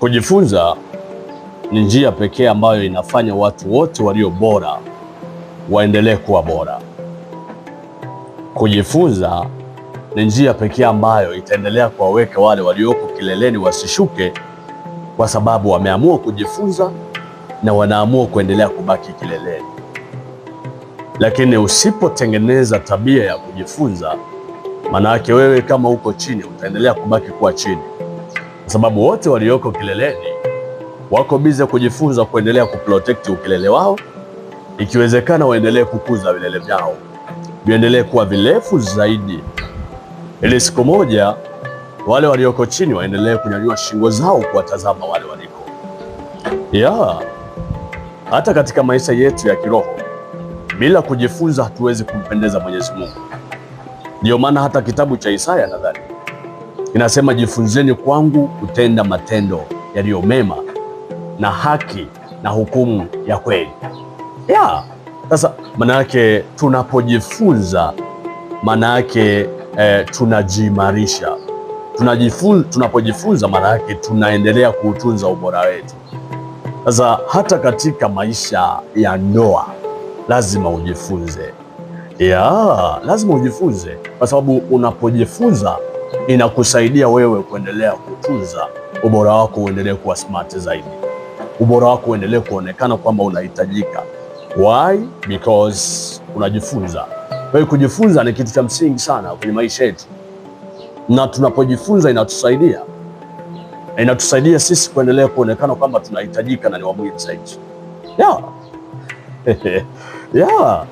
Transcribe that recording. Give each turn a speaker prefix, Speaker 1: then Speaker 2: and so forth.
Speaker 1: Kujifunza ni njia pekee ambayo inafanya watu wote walio bora waendelee kuwa bora. Kujifunza ni njia pekee ambayo itaendelea kuwaweka wale walioko kileleni wasishuke, kwa sababu wameamua kujifunza na wanaamua kuendelea kubaki kileleni. Lakini usipotengeneza tabia ya kujifunza, maana yake wewe kama uko chini utaendelea kubaki kuwa chini kwa sababu wote walioko kileleni wako bize kujifunza kuendelea kuprotekti ukelele wao, ikiwezekana waendelee kukuza vilele vyao viendelee kuwa virefu zaidi, ili siku moja wale walioko chini waendelee kunyanyua shingo zao kuwatazama wale waliko. Ya hata katika maisha yetu ya kiroho, bila kujifunza hatuwezi kumpendeza Mwenyezi Mungu. Ndiyo maana hata kitabu cha Isaya nadhani inasema, jifunzeni kwangu kutenda matendo yaliyo mema na haki na hukumu ya kweli ya sasa. Maana tunapojifunza, maana eh, tunajiimarisha tunapojifunza maana yake tunaendelea kuutunza ubora wetu. Sasa hata katika maisha ya ndoa lazima ujifunze, ya lazima ujifunze, kwa sababu unapojifunza inakusaidia wewe kuendelea kutunza ubora wako, uendelee kuwa smart zaidi, ubora wako uendelee kuonekana kwamba unahitajika. Why? Because unajifunza. Kwa hiyo kujifunza ni kitu cha msingi sana kwenye maisha yetu, na tunapojifunza inatusaidia inatusaidia sisi kuendelea kuonekana kwamba tunahitajika na ni wa muhimu zaidi. Yeah. Yeah.